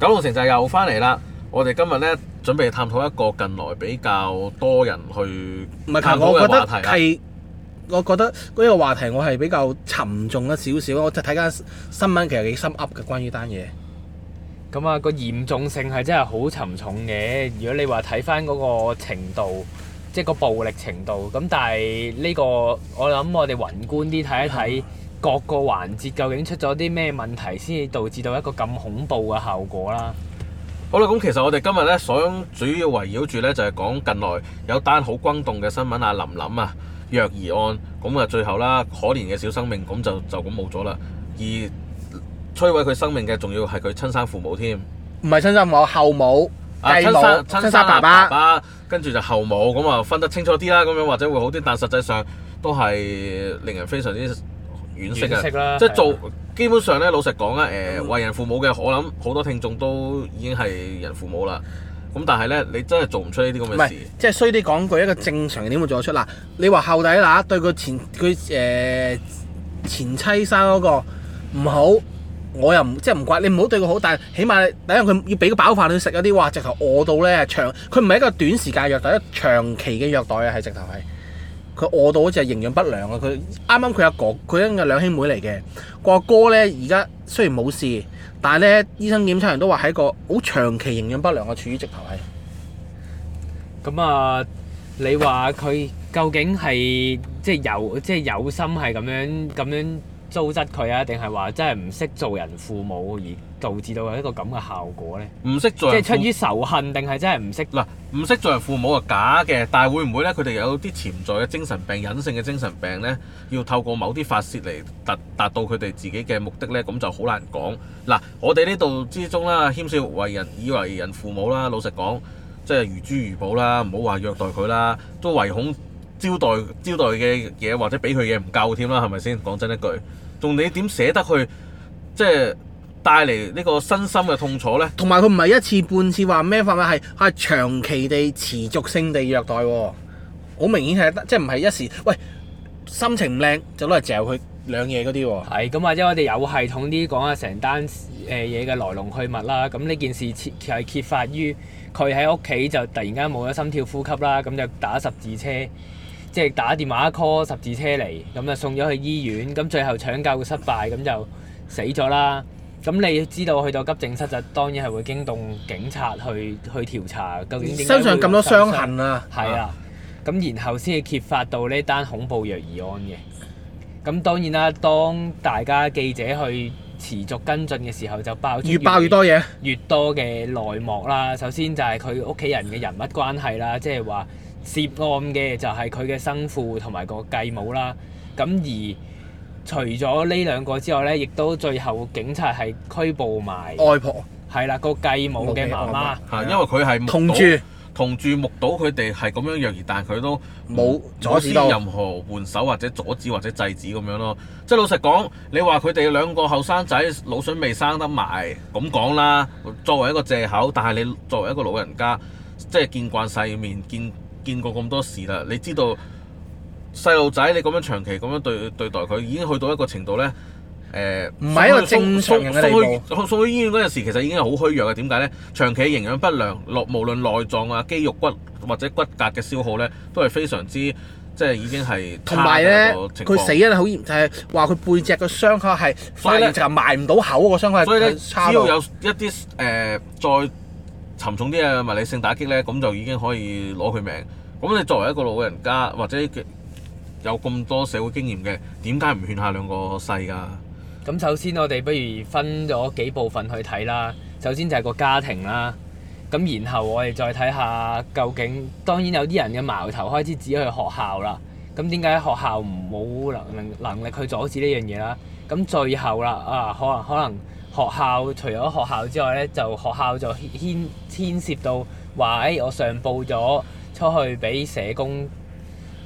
九龍城就又翻嚟啦！我哋今日咧，準備探討一個近來比較多人去探討嘅話題啦。唔係，我覺得呢一個話題我係比較沉重一少少。我就睇緊新聞，其實幾心噏嘅，關於單嘢。咁啊，個嚴重性係真係好沉重嘅。如果你話睇翻嗰個程度，即係個暴力程度，咁但係呢個我諗我哋宏觀啲睇一睇。嗯各個環節究竟出咗啲咩問題，先至導致到一個咁恐怖嘅效果啦。好啦，咁其實我哋今日咧，想主要圍繞住咧就係講近來有單好轟動嘅新聞，阿林林啊，虐兒案，咁啊最後啦，可憐嘅小生命，咁就就咁冇咗啦。而摧毀佢生命嘅，仲要係佢親生父母添，唔係親生母，後母，繼母，親生爸爸，跟住就後母，咁啊分得清楚啲啦，咁樣或者會好啲，但實際上都係令人非常之。惋惜啊！即係做的基本上咧，老實講咧，誒、呃、為、嗯、人父母嘅，我諗好多聽眾都已經係人父母啦。咁但係咧，你真係做唔出呢啲咁嘅事。唔係，即係衰啲講句，一個正常人點會做得出嗱？你話後底乸對佢前佢誒前、呃、前妻生嗰個唔好，我又唔即係唔怪你，唔好對佢好，但係起碼第一佢要俾個飽飯佢食嗰啲，哇！直頭餓到咧長，佢唔係一個短時間虐待，一虐待長期嘅虐待啊，係直頭係。佢餓到好似係營養不良啊！佢啱啱佢阿哥，佢哋係兩兄妹嚟嘅，個哥咧而家雖然冇事，但係咧醫生檢查人都話係一個好長期營養不良嘅，處於直頭係。咁啊、嗯呃，你話佢究竟係即係有即係有心係咁樣咁樣糟質佢啊？定係話真係唔識做人父母而？導致到一個咁嘅效果呢？唔識即係出於仇恨定係真係唔識？嗱，唔識做人父母係假嘅，但係會唔會呢？佢哋有啲潛在嘅精神病、隱性嘅精神病呢？要透過某啲發泄嚟達達到佢哋自己嘅目的呢？咁就好難講。嗱，我哋呢度之中啦，謙笑為人以為人父母啦，老實講，即係如珠如寶啦，唔好話虐待佢啦，都唯恐招待招待嘅嘢或者俾佢嘢唔夠添啦，係咪先？講真一句，仲你點捨得佢即係？帶嚟呢個身心嘅痛楚咧，同埋佢唔係一次半次話咩發威，係係長期地持續性地虐待啊，好明顯係即係唔係一時，喂，心情唔靚就攞嚟嚼佢兩嘢嗰啲喎。係咁，或者我哋有系統啲講下成單誒嘢嘅來龍去脈啦。咁呢件事切係揭發於佢喺屋企就突然間冇咗心跳呼吸啦，咁就打十字車，即係打電話 call 十字車嚟，咁就送咗去醫院，咁最後搶救失敗，咁就死咗啦。咁、嗯、你知道去到急症室就當然係會驚動警察去去調查，究竟身上咁多傷痕啊，係了啊，咁然後先至揭發到呢單恐怖藥兒案嘅。咁、嗯、當然啦，當大家記者去持續跟進嘅時候，就爆越，越爆越多嘢，越多嘅內幕啦。首先就係佢屋企人嘅人物關係啦，即係話涉案嘅就係佢嘅生父同埋個繼母啦。咁、嗯、而除咗呢兩個之外呢，亦都最後警察係拘捕埋外婆。係啦，個繼母嘅媽媽。係婆，因為佢係同住，同住目睹佢哋係咁樣樣，而但係佢都冇阻止任何換手或者阻止或者制止咁樣咯。即係老實講，你話佢哋兩個後生仔腦囟未生得埋，咁講啦。作為一個藉口，但係你作為一個老人家，即係見慣世面，見見過咁多事啦，你知道。細路仔，你咁樣長期咁樣對對待佢，已經去到一個程度咧。誒、呃，唔係一個正常嘅地步。送送去醫院嗰陣時，其實已經係好虛弱嘅。點解咧？長期營養不良，內無論內臟啊、肌肉骨或者骨骼嘅消耗咧，都係非常之即係已經係同埋咧佢死啊！好嚴重，就係話佢背脊嘅傷口係反而就埋唔到口個傷口。所以咧，只要有一啲誒、呃、再沉重啲嘅物理性打擊咧，咁就已經可以攞佢命。咁你作為一個老人家或者有咁多社會經驗嘅，點解唔勸下兩個細㗎？咁首先我哋不如分咗幾部分去睇啦。首先就係個家庭啦。咁然後我哋再睇下究竟，當然有啲人嘅矛頭開始指去學校啦。咁點解學校唔冇能能能力去阻止呢樣嘢啦？咁最後啦，啊可能可能學校除咗學校之外呢，就學校就牽牽涉到話誒、哎，我上報咗出去俾社工。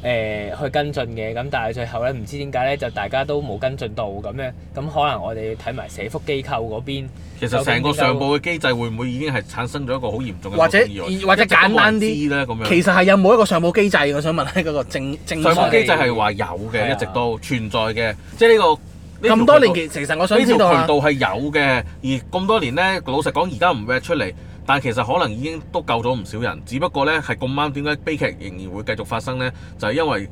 誒去跟進嘅，咁但係最後咧，唔知點解咧，就大家都冇跟進到咁樣。咁可能我哋睇埋社福機構嗰邊。其實成個上報嘅機制會唔會已經係產生咗一個好嚴重嘅問題？或者或者簡單啲咧咁樣？其實係有冇一個上報機制？我想問下，嗰、那個政政上報機制係話有嘅，的一直都存在嘅，即係、這、呢個咁多年其實我想知道啊。呢條渠道係有嘅，而咁多年咧，老實講，而家唔 r e 出嚟。但其實可能已經都救咗唔少人，只不過咧係咁啱，點解悲劇仍然會繼續發生咧？就係、是，因為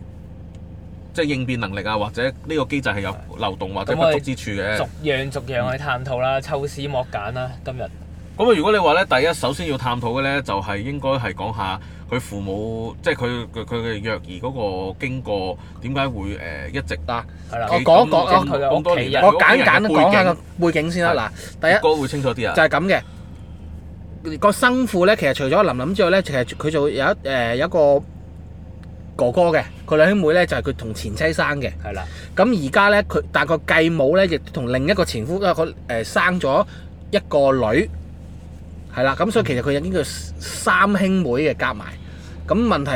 即係應變能力啊，或者呢個機制係有漏洞或者不足之處嘅。逐樣逐樣去探討啦，抽絲剝繭啦，今日。咁啊，如果你話咧，第一首先要探討嘅咧，就係應該係講下佢父母，即係佢佢佢虐兒嗰個經過點解會誒一直啊，我講講多講年講，我簡簡講下個背景先啦。嗱，第一個會清楚啲啊，就係咁嘅。個生父咧，其實除咗林林之外咧，其實佢仲有一誒有一個哥哥嘅。佢兩兄妹咧，就係佢同前妻生嘅。係啦的。咁而家咧，佢但個繼母咧，亦同另一個前夫，因為佢誒生咗一個女，係啦。咁所以其實佢已經叫三兄妹嘅夾埋。咁問題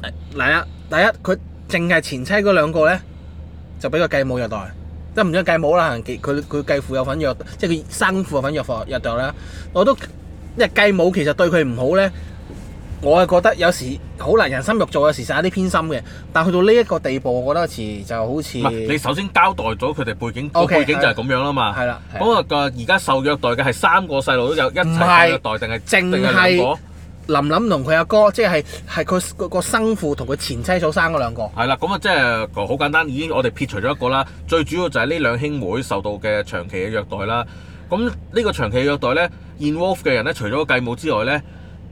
誒，第一第一，佢淨係前妻嗰兩個咧，就俾個繼母虐待。咁唔知繼母啦，佢佢繼父有份虐，即係佢生父有份虐，虐待啦。我都因為繼母其實對佢唔好咧，我係覺得有時好難人心肉做有時，實有啲偏心嘅。但去到呢一個地步，我覺得似就好似你首先交代咗佢哋背景，個 Okay, 背景就係咁樣啦嘛。係啦，嗰個而家受虐待嘅係三個細路都有一齊受虐待，定係淨係？是是林林同佢阿哥，即係係佢個生父同佢前妻所生嗰兩個。係啦，咁啊，即係好簡單，已經我哋撇除咗一個啦。最主要就係呢兩兄妹受到嘅長期嘅虐待啦。咁呢個長期嘅虐待咧，In Wolf 嘅人咧，除咗繼母之外咧，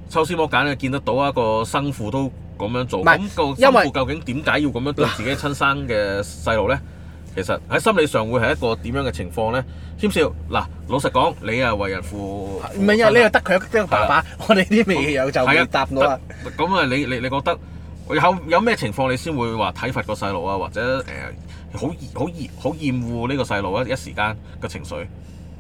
抽絲剝繭啊見得到一個生父都咁樣做。唔係是，個生父因為 究竟點解要咁樣對自己親生嘅細路咧？ 其實喺心理上會係一個點樣嘅情況咧？謙少，嗱，老實講，你啊為人父，父，唔係啊，你又得佢一張白板，我哋啲未有就唔答到啦。咁啊，你你你覺得有有咩情況你先會話體罰個細路啊？或者誒，好好厭好厭惡呢個細路啊一時間嘅情緒？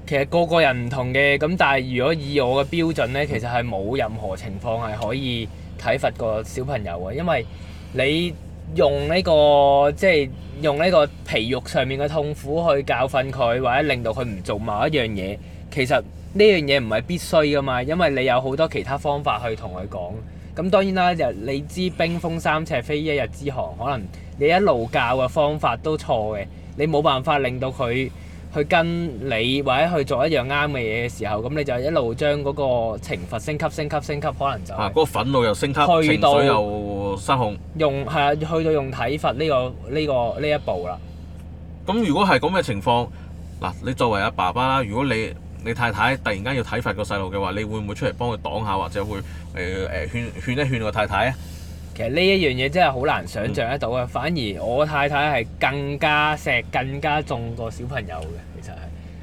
其實個個人唔同嘅，咁但係如果以我嘅標準咧，其實係冇任何情況係可以體罰個小朋友啊，因為你。用呢個即係用呢個皮肉上面嘅痛苦去教訓佢，或者令到佢唔做某一樣嘢。其實呢樣嘢唔係必須㗎嘛，因為你有好多其他方法去同佢講。咁當然啦，就你知冰封三尺，非一日之寒，可能你一路教嘅方法都錯嘅，你冇辦法令到佢。去跟你或者去做一樣啱嘅嘢嘅時候，咁你就一路將嗰個懲罰升級、升級、升級，可能就啊嗰個憤怒又升級，情緒又失控，用係啊去到用體罰呢個呢、呢個呢一步啦。咁如果係咁嘅情況，嗱，你作為阿爸爸啦，如果你你太太突然間要體罰個細路嘅話，你會唔會出嚟幫佢擋下，或者會誒誒、呃、勸勸一勸個太太啊？其實呢一樣嘢真係好難想像得到嘅，嗯、反而我太太係更加錫、更加重過小朋友嘅，其實係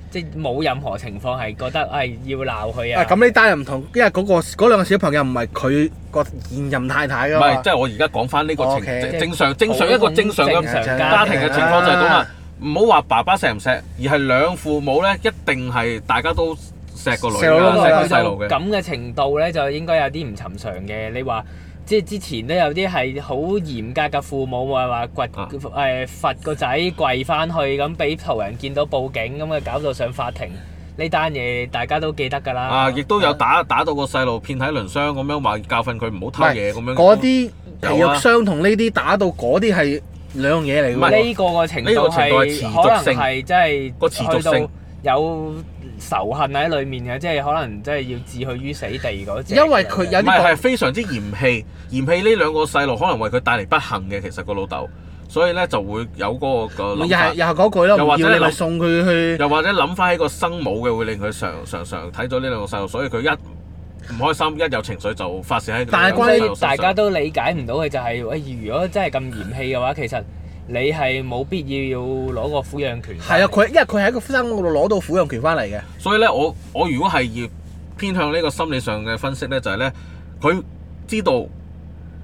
即係冇任何情況係覺得誒、哎、要鬧佢啊。咁你單又唔同，因為嗰、嗰個嗰兩個小朋友唔係佢個現任太太㗎唔係，即係我而家講翻呢個情 okay, 正常正常一個正常嘅家，家庭嘅情況就係咁啊！唔好話爸爸錫唔錫，而係兩父母咧一定係大家都錫個女啊，錫細路嘅咁嘅程度咧，就應該有啲唔尋常嘅。你話？即係之前都有啲係好嚴格嘅父母話話跪誒罰個仔跪翻去，咁俾途人見到報警，咁啊搞到上法庭。呢單嘢大家都記得㗎啦。啊，亦都有打打到個細路遍體鱗傷咁樣訓，話教訓佢唔好偷嘢咁樣。嗰啲些、啊、體育傷同呢啲打到嗰啲係兩樣嘢嚟㗎。唔係呢個是個程度係可能係真係個持續性，持續性有。仇恨喺裏面嘅，即係可能即係要置佢於死地嗰隻。因為佢有啲唔係非常之嫌棄，嫌棄呢兩個細路可能為佢帶嚟不幸嘅，其實個老豆，所以咧就會有嗰個個老豆。又係又係嗰句咯，唔要你送佢去。又或者諗翻起個生母嘅，會令佢常常常睇到呢兩個細路，所以佢一唔開心，一有情緒就發泄喺度。但係關於大家都理解唔到嘅就係、是，喂、哎，如果真係咁嫌棄嘅話，其實。你係冇必要要攞個撫養權。係啊，佢因為佢喺個婚姻嗰度攞到撫養權翻嚟嘅。所以咧，我我如果係要偏向呢個心理上嘅分析咧，就係、是、咧，佢知道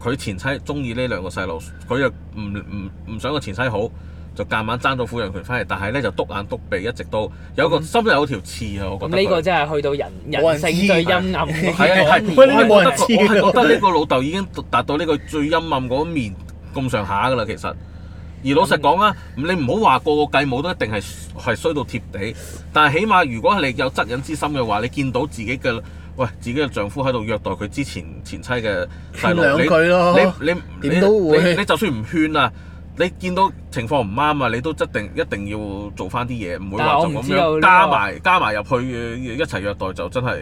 佢前妻中意呢兩個細路，佢又唔唔唔想個前妻好，就夾硬爭到撫養權翻嚟，但係咧就篤眼篤鼻，一直都有個心有條刺啊！嗯、我覺得呢、嗯、個真係去到人人，人性最陰暗。係係。 我係覺得呢個老豆已經達到呢個最陰暗嗰面咁上下噶啦，其實。而老實講啊，嗯、你唔好話個個繼母都一定係係衰到貼地，但係起碼如果你有惻隱之心嘅話，你見到自己嘅喂自己嘅丈夫喺度虐待佢之前前妻嘅細路，你你點都會你，你，你，你就算唔勸啊，你見到情況唔啱啊，你都一定一定要做返啲嘢，唔會話就咁樣加埋加埋入去一齊虐待就真係。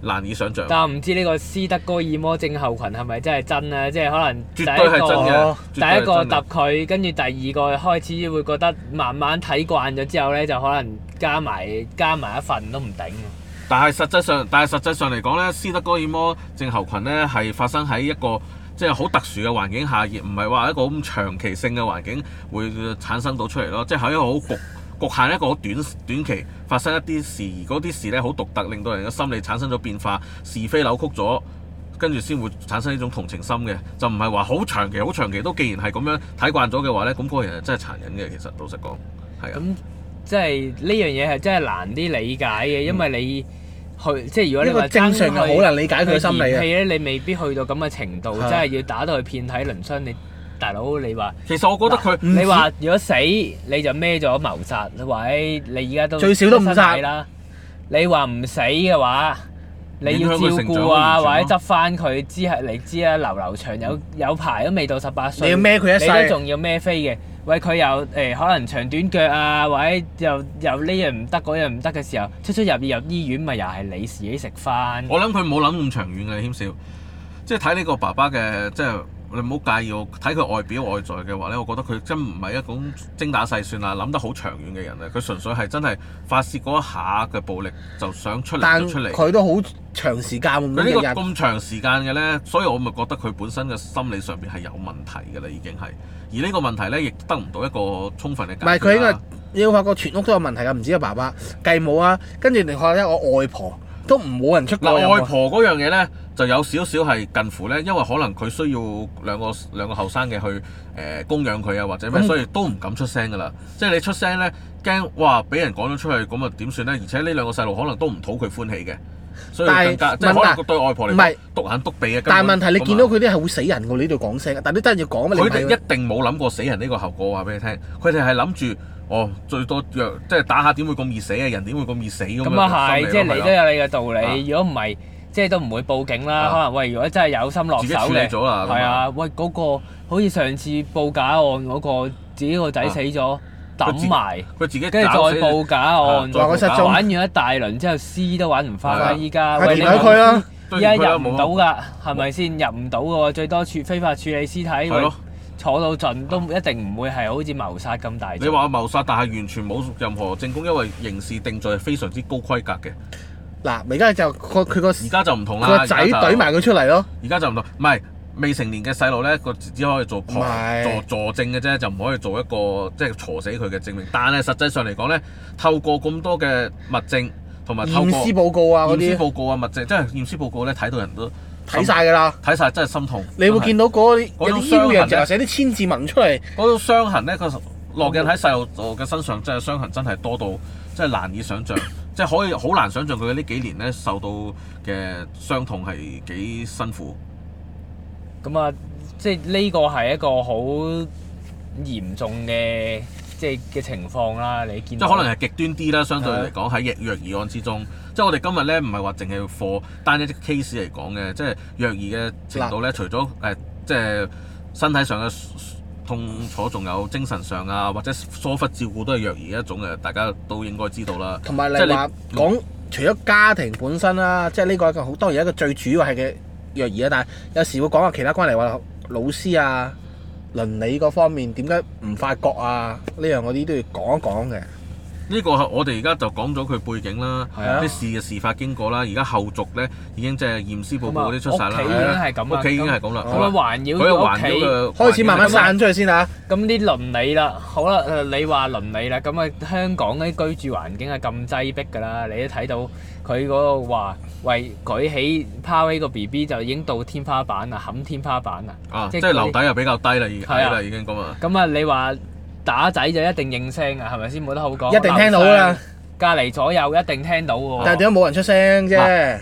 難以想像。但唔知呢個斯德哥爾摩症候群係咪真係真咧？即係可能第一個，絕對係真嘅，絕對係真嘅，第一個揼佢，跟住第二個開始會覺得慢慢睇慣咗之後咧，就可能加埋加埋一份都唔頂。但係實際上，但係實際上嚟講咧，斯德哥爾摩症候群咧係發生喺一個即係好特殊嘅環境下，而唔係話一個咁長期性嘅環境會產生到出嚟咯。即係喺一個好焗。局限一個好短短期發生一啲事，而嗰啲事咧好獨特，令到人嘅心理產生咗變化，是非扭曲咗，跟住先會產生呢種同情心嘅，就唔係話好長期，好長期都既然係咁樣睇慣咗嘅話咧，咁、那、嗰個人係真係殘忍嘅。其實老實講，係啊，咁即係呢樣嘢係真係難啲理解嘅，因為你去、嗯、即係如果你話正常他，好難理解佢嘅心理。戲咧，你未必去到咁嘅程度，真係要打到佢遍體鱗傷，你。大佬，你話其實我覺得佢你話如果死你就孭咗謀殺，喂你而家都最少都唔曬啦。你話唔死嘅話，你要照顧啊，啊或者執翻佢知係你知啊，流流長有有排都未到十八歲，你要孭佢一世，你都仲要孭飛嘅。喂，佢又誒可能長短腳啊，或者又又呢樣唔得嗰樣唔得嘅時候，出出入入入醫院，咪又係你自己食飯。我諗佢冇諗咁長遠嘅，謙少。即係睇呢個爸爸嘅即係。你唔好介意我睇佢外表外在嘅話咧，我覺得佢真唔係一種精打細算啊、諗得好長遠嘅人啊，佢純粹係真係發洩嗰一下嘅暴力就想出嚟出嚟。佢都好長時間。佢呢個咁長時間嘅咧，所以我咪覺得佢本身嘅心理上邊係有問題嘅啦，已經係。而呢個問題咧，亦得唔到一個充分嘅解決啊。唔係佢應該要發覺全屋都有問題啊，唔知阿爸爸、繼母啊，跟住你話咧我外婆，都唔冇人出聲，但外婆嗰樣嘢咧，就有少少係近乎咧，因為可能佢需要兩個兩個後生嘅去誒、呃、供養佢啊，或者咩，嗯、所以都唔敢出聲噶啦。即係你出聲咧，驚哇俾人趕咗出去，咁啊點算咧？而且呢兩個細路可能都唔討佢歡喜嘅，所以更加是即係對外婆嚟講，篤眼篤鼻啊！但係問題你見到佢啲係會死人㗎，你喺度講聲，但係你真係要講咩？佢一定冇諗過死人呢個後果，我話俾你聽，佢哋係諗住。哦，最多若即係打下點會咁易死啊？人點會咁易死咁？咁啊係，即係你都有你嘅道理。如果唔係，即係都唔會報警啦。可能喂，如果真係有心落手嘅，處理咗啦，係啊，喂嗰個好似上次報假案嗰個，自己個仔死咗，抌埋，佢自己跟住再報假案，玩完一大輪之後屍都玩唔返啦，依家喂你佢啦，依家入唔到㗎，係咪先？入唔到㗎喎，最多處非法處理屍體。坐到盡都一定唔會係好似謀殺咁大罪。你話謀殺，但係完全冇任何證供，因為刑事定罪係非常之高規格嘅。嗱，而家、嗰個、就佢佢個而家就唔同啦，個仔懟埋佢出嚟咯。而家就唔同，唔係未成年嘅細路咧，個只可以做助助是證嘅啫，就唔可以做一個即係挫死佢嘅證明。但係實際上嚟講咧，透過咁多嘅物證同埋驗屍報告啊嗰啲，驗屍報告啊物證，即係驗屍報告咧睇到人都。睇晒㗎啦！睇晒真係心痛。你會見到嗰啲有啲僥倖，就又寫啲千字文出嚟。嗰種傷痕咧，佢落印喺細路嘅身上，真係傷痕真係多到，真係難以想像，即係 可以好難想像佢呢幾年咧受到嘅傷痛係幾辛苦。咁啊，即係呢個係一個好嚴重嘅。即係嘅情況啦，你見到即係可能係極端啲啦，相對嚟講喺虐兒案之中， 即係我哋今日咧唔係話淨係 for 單一啲 case 嚟講嘅，即係虐兒嘅程度咧，除咗誒即係身體上嘅痛楚，仲有精神上啊，或者疏忽照顧都係虐兒一種嘅，大家都應該知道啦。同埋嚟話講，你除咗家庭本身啦、啊，即係呢個一個好當然一個最主要係嘅虐兒啊，但係有時會講下其他關係，話老師啊。倫理嗰方面點解唔發覺啊？呢樣嗰啲都要講一講嘅。呢個係我哋而家就講咗佢背景啦，啲事嘅事發經過啦，而家後續咧已經即係驗屍報告啲出晒啦。已經係咁啦。屋企已經係咁啦。咁樣環繞到屋企，開始慢慢散出去先嚇。咁啲鄰里啦，好啦，你話鄰里啦，咁啊香港啲居住環境係咁擠迫㗎啦。你都睇到佢嗰個話為舉起拋起個 B B 就已經到天花板啦，冚天花板啦。即係樓底又比較低啦，而係啦已經咁啊。咁啊，你話？打仔就一定應聲啊，係咪先冇得好講？一定聽到啦，隔離左右一定聽到喎。但係點解冇人出聲啫？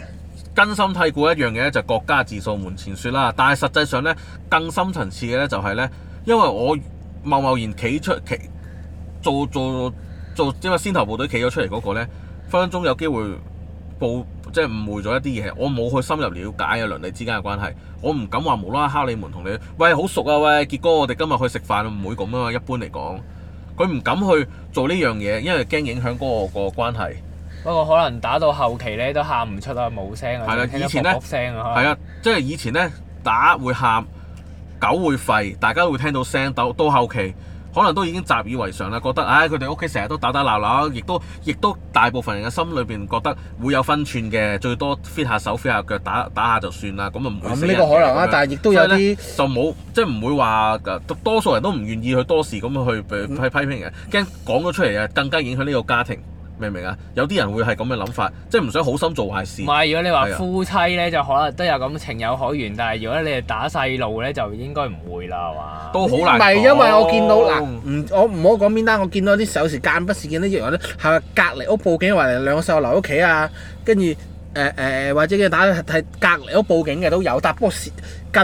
根深蒂固一樣嘢咧，就國家自掃門前雪啦。但係實際上咧，更深層次嘅咧就係咧，因為我貿貿然企出企做做做，即係先頭部隊企咗出嚟嗰個咧，分分鐘有機會報。即係誤會咗一啲嘢，我冇去深入了解啊，鄰里之間嘅關係，我唔敢話無啦啦敲你門同你喂好熟啊，喂傑哥，結果我哋今日去食飯，唔會咁啊嘛。一般嚟講，佢唔敢去做呢樣嘢，因為驚影響嗰、嗰個、嗰個關係。不過可能打到後期咧都喊唔出啦，冇聲啊。係啊，以前咧，係啊，即係以前咧打會喊，狗會吠，大家會聽到聲。到到後期。可能都已經習以為常啦，覺得，唉、哎，佢哋屋企成日都打打鬧鬧，亦都亦都大部分人嘅心裏邊覺得會有分寸嘅，最多 fit 下手 fit 下腳打打下就算啦，咁啊唔。咁呢、嗯這個可能啊，樣但係亦都有啲就冇，即係唔會話，多數人都唔願意去多事咁去去批評人，驚講咗出嚟啊，更加影響呢個家庭。明唔明啊？有啲人會係咁嘅諗法，即係唔想好心做壞事。唔係，如果你話夫妻咧，就可能都有咁情有可原。但係如果你係打細路咧，就應該唔會啦，係嘛？都好難講。唔係，因為我見到嗱，唔我唔好講邊單。我見到啲有時間不時見到一樣，都係隔離屋報警，或者兩個細路留屋企啊。跟住誒誒，或者嘅打係隔離屋報警嘅都有，但係不過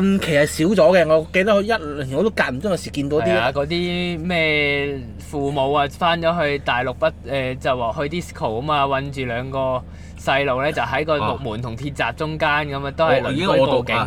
近期係少咗嘅。我記得一兩年我都隔唔中有時見到啲。係啊，嗰啲咩？父母啊，翻咗去大陸不誒、呃，就話去 disco 啊嘛，韞住兩個細路咧，就喺個木門同鐵閘中間咁啊，都係已經餓到啊，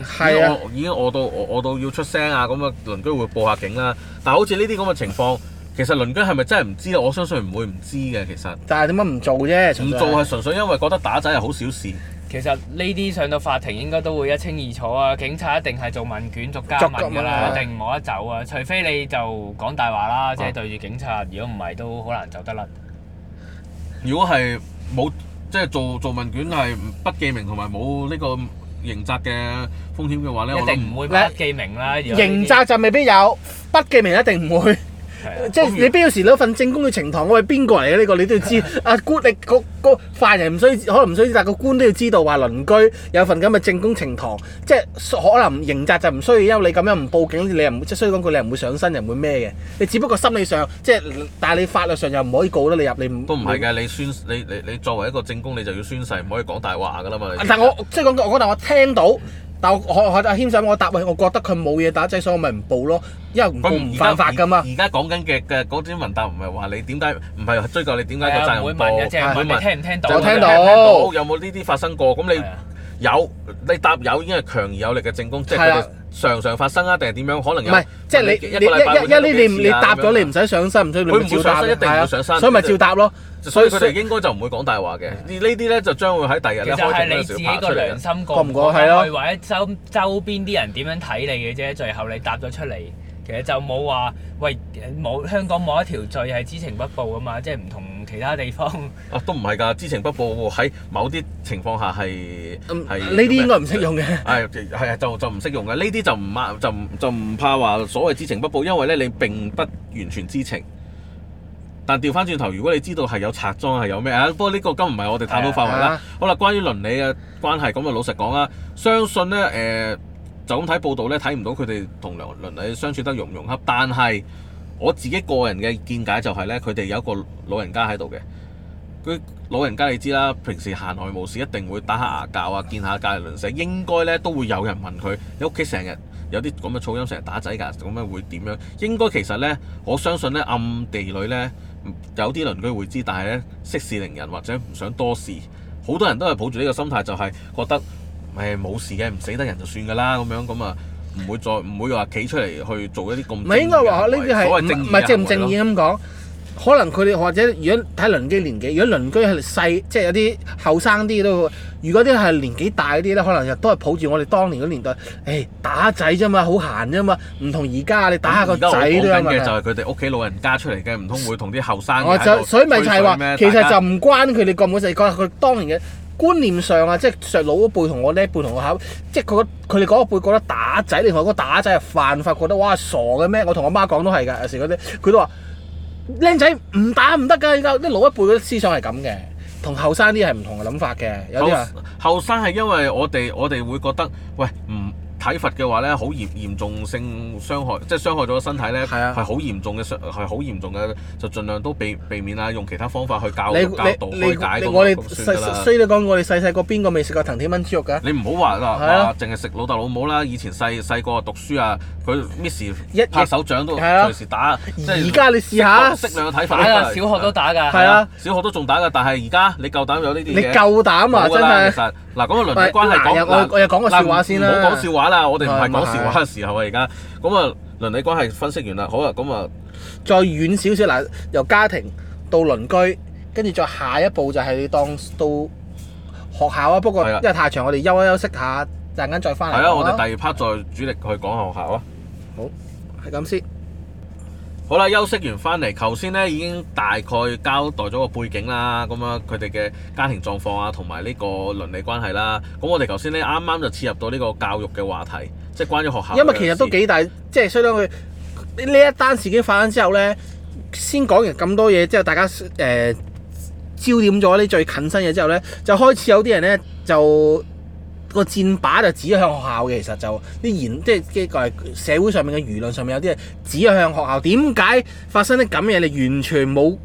已經餓到餓、啊啊、到，到要出聲啊，咁啊，鄰居會報下警啦、啊。但係好似呢啲咁嘅情況，其實鄰居係咪真係唔知啊？我相信唔會唔知嘅，其實。但係點解唔做啫？唔做係純粹因為覺得打仔係好小事。其實呢啲上到法庭應該都會一清二楚啊！警察一定係做問卷做加密㗎啦，一定冇得走啊！除非你就講大話啦，即係對住警察，如果唔係都好難走得甩。如果係冇即係做做問卷係不記名同埋冇呢個刑責嘅風險嘅話咧，一定唔會不記名啦。那刑責就未必有，不記名一定唔會。即係你必要時攞份證供嘅呈堂。我係邊個嚟嘅呢個，你都要知。阿官力嗰個犯人唔需要，可能唔需要，但個官都要知道話鄰居有份咁嘅證供呈堂。即係可能刑責就唔需要，因為你咁樣唔報警，你又唔會，即係所以講佢你又唔會上身，又唔會咩嘅。你只不過心理上即係，但係你法律上又唔可以告得你入你唔都唔係嘅。你宣你你你作為一個證供，你就要宣誓，唔可以講大話噶啦嘛。但係我即係講句，我覺得我聽到。嗯但係我我阿軒仔我答喂，我覺得佢冇嘢打仔，所以我咪唔報咯，因為佢唔犯法噶嘛。而家講緊嘅嘅嗰啲問答唔係話你點解，唔係追究你點解個責任。會問嘅即係聽唔聽到？我聽到有冇呢啲發生過？咁你有你答有已經係強而有力嘅證供，即係佢哋常常發生啊？定係點樣？可能唔係即係你一一一啲你你答咗你唔使上身，唔需要，你照答。一定唔上身，所以咪照答咯。所以佢哋應該就唔會講大話嘅，呢啲咧就將會喺第日咧決定係你自己個良心過唔 過,過？係咯，或者周周邊啲人點樣睇你嘅啫。最後你答咗出嚟，其實就冇話喂冇香港冇一條罪係知情不報噶嘛。即係唔同其他地方。啊，都唔係㗎，知情不報喺某啲情況下係係呢啲應該唔適用嘅。係 係啊，就就唔適用嘅。呢啲就唔啊，就就唔怕話所謂知情不報，因為咧你並不完全知情。但調翻轉頭，如果你知道係有拆裝係有咩啊，不過呢個都唔係我哋探討範圍啦。啊、好啦，關於鄰里嘅關係，咁啊老實講啦，相信呢，誒、呃，就咁睇報道呢睇唔到佢哋同鄰里相處得融唔融洽。但係我自己個人嘅見解就係、是、呢，佢哋有一個老人家喺度嘅。佢老人家你知啦，平時閒來無事一定會打下牙教啊，見下隔離鄰舍，應該呢，都會有人問佢：你屋企成日有啲咁嘅噪音，成日打仔㗎，咁樣會點樣？應該其實呢，我相信呢，暗地裏呢。有啲鄰居會知，但係咧息事寧人或者唔想多事，好多人都係抱住呢個心態，就係覺得誒冇、哎、事嘅，唔死得人就算㗎啦咁樣，咁啊唔會再唔會話企出嚟去做一啲咁。唔係應該話呢啲係唔係正唔正義咁講？可能佢哋，或者如果睇鄰居年紀，如果鄰居係細，即係有啲後生啲都會；如果啲係年紀大啲咧，可能又都係抱住我哋當年嗰年代，誒、哎、打仔啫嘛，好閒啫嘛，唔同而家你打下個仔都一樣嘅就係佢哋屋企老人家出嚟嘅，唔通會同啲後生。我所以咪就係話，其實就唔關佢哋咁嘅事，佢佢當年嘅觀念上啊，即係上老一輩同我呢一輩同我下，即係佢佢哋嗰一輩覺得打仔，另外嗰打仔係犯法，覺得哇傻嘅咩？我同我媽講都係㗎，有時嗰啲佢都話。僆仔唔打唔得㗎，依家啲老一輩嘅思想係咁嘅，同後，後生啲係唔同嘅諗法嘅。有啲話後生係因為我哋我哋會覺得喂唔。嗯體罰嘅話咧，好嚴嚴重性傷害，即係傷害咗身體咧，係好嚴重嘅，係好嚴重嘅，就盡量都避避免啊，用其他方法去教教導、去解到。我哋細，所以你講我哋細細個邊個未食過藤條炆豬肉噶？你唔好話啦，淨係食老豆老母啦，以前細細個讀書啊，佢 miss 拍手掌都隨時打。而家你試下，適量嘅體罰。小學都打噶，小學都仲打噶，但係而家你夠膽有呢啲嘢？你夠膽啊，真係。嗱，嗰個倫理關係講，我我又講個笑話先啦，唔好講笑話啦，我哋唔係講笑話嘅時候啊，而家咁啊，倫理關係分析完啦，好啊，咁啊，再遠少少，嗱，由家庭到鄰居，跟住再下一步就係當到學校啊，不過因為太長，我哋休一休息下，陣間再翻嚟。係咯，我哋第二 part 再主力去講下學校啊。好，係咁先。好啦，休息完翻嚟，頭先咧已經大概交代咗個背景啦，咁啊佢哋嘅家庭狀況啊，同埋呢個鄰里關係啦。咁我哋頭先咧啱啱就切入到呢個教育嘅話題，即係關於學校。因為其實都幾大，即係相當佢呢一單事件發生之後呢，先講完咁多嘢之後，大家誒、呃、焦點咗呢最近身嘢之後呢，就開始有啲人呢就。個箭靶就指向學校嘅，其實就啲言，即係呢個係社會上面嘅輿論上面有啲係指向學校。點解發生啲咁嘢？你完全冇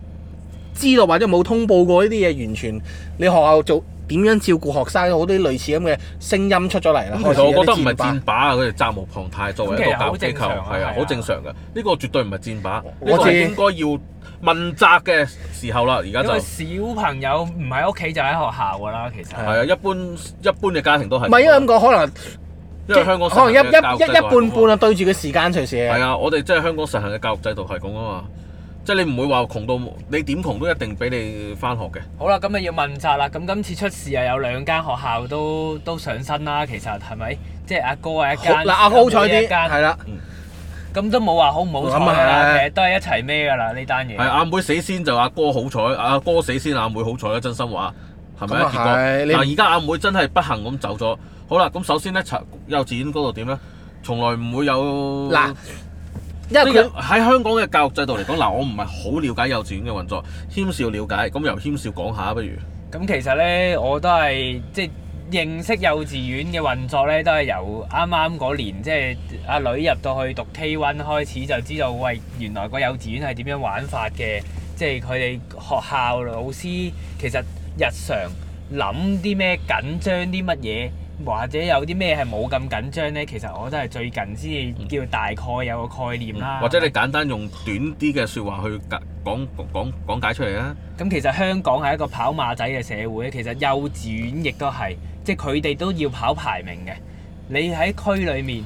知道，或者冇通報過呢啲嘢。完全你學校做點樣照顧學生？好多類似咁嘅聲音出咗嚟啦。其實我覺得唔係箭靶，佢哋責無旁貸，作為一個教育機構係、okay，啊，好、啊啊、正常嘅。呢、這個絕對唔係箭靶，我哋係應該要。問責嘅時候啦，而家就小朋友唔喺屋企就喺學校㗎啦，其實係啊的的，一般一般嘅家庭都係唔係因為咁講，可能因為香港可能一一,一半半啊對住嘅時間隨時係啊，我哋即係香港實行嘅教育制度係咁啊嘛，即係、就是、你唔會話窮到你點窮都一定俾你翻學嘅。好啦，咁啊要問責啦，咁今次出事啊有兩間學校都都上身啦，其實係咪？即係阿哥一好啊一間嗱，阿哥好彩啲係啦。啊嗯咁都冇話好唔好彩啦，其實都係一齊咩噶啦呢單嘢。係阿妹死先就阿哥，哥好彩，阿哥死先阿妹好彩啊！真心話係咪啊？是是就是、結果嗱，而家不阿妹真係不幸咁走咗。好啦，咁首先咧，幼稚園嗰度點咧？從來唔會有嗱，因為喺香港嘅教育制度嚟講，嗱，我唔係好了解幼稚園嘅運作，謙少了解，咁由謙少講下不如。咁其實咧，我都係即係。認識幼稚園嘅運作咧，都係由啱啱嗰年，即係阿女入到去讀 K1 開始，就知道喂，原來個幼稚園係點樣玩法嘅。即係佢哋學校老師其實日常諗啲咩，緊張啲乜嘢，或者有啲咩係冇咁緊張咧。其實我都係最近先至叫大概有個概念啦、嗯。或者你簡單用短啲嘅説話去講講講解出嚟啊？咁其實香港係一個跑馬仔嘅社會，其實幼稚園亦都係。即係佢哋都要跑排名嘅。你喺區裏面，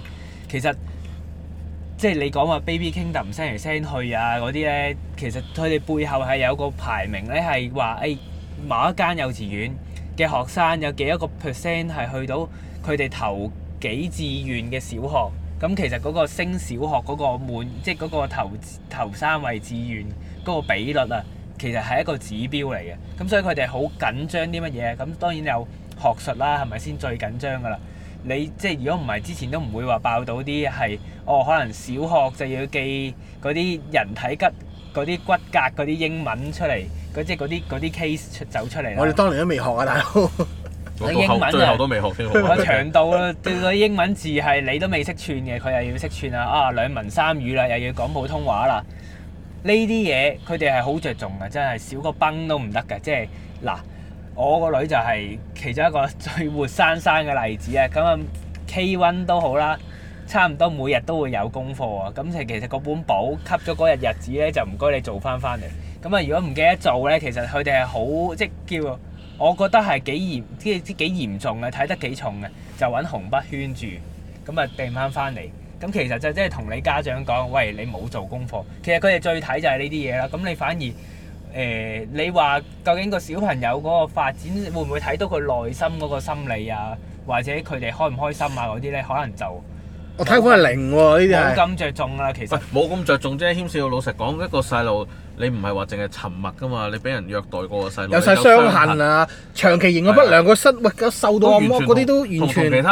其實即係你講話 Baby Kingdom 聲嚟聲去啊，嗰啲咧，其實佢哋背後係有個排名咧，係話誒某一間幼稚園嘅學生有幾多個 percent 係去到佢哋頭幾志願嘅小學。咁其實嗰個升小學嗰個滿，即係嗰個頭三位志願嗰個比率啊，其實係一個指標嚟嘅。咁所以佢哋好緊張啲乜嘢？咁當然有。學術啦，係咪先最緊張噶啦？你即係如果唔係之前都唔會話爆到啲係哦，可能小學就要記嗰啲人體骨嗰啲骨骼嗰啲英文出嚟，嗰即係啲啲 case 出走出嚟。我哋當年都未學啊，大佬。你 英文、就係、 都未又、啊、 長到啦，對啲英文字係你都未識串嘅，佢又要識串啊！啊，兩文三語啦，又要講普通話啦。呢啲嘢佢哋係好着重啊，真係少個崩都唔得嘅。即係嗱。我個女就係其中一個最活生生嘅例子啊！咁啊，K1 都好啦，差唔多每日都會有功課啊。咁就其實嗰本簿吸咗嗰日日子咧，就唔該你做翻翻嚟。咁啊，如果唔記得做咧，其實佢哋係好，即係叫，我覺得係幾嚴，即係即幾嚴重嘅，睇得幾重嘅，就揾紅筆圈住，咁啊掟翻翻嚟。咁其實就即係同你家長講，喂，你冇做功課。其實佢哋最睇就係呢啲嘢啦。咁你反而。誒、欸，你話究竟個小朋友嗰個發展會唔會睇到佢內心嗰個心理啊，或者佢哋開唔開心啊嗰啲咧？可能就我睇款係零喎呢啲。冇咁著重啊，其實。唔係冇咁着重啫，牽涉到老實講，一個細路你唔係話淨係沉默噶嘛，你俾人虐待個細路有晒傷痕啊，痕長期營養不良個身喂，個受到按摩嗰啲都完全。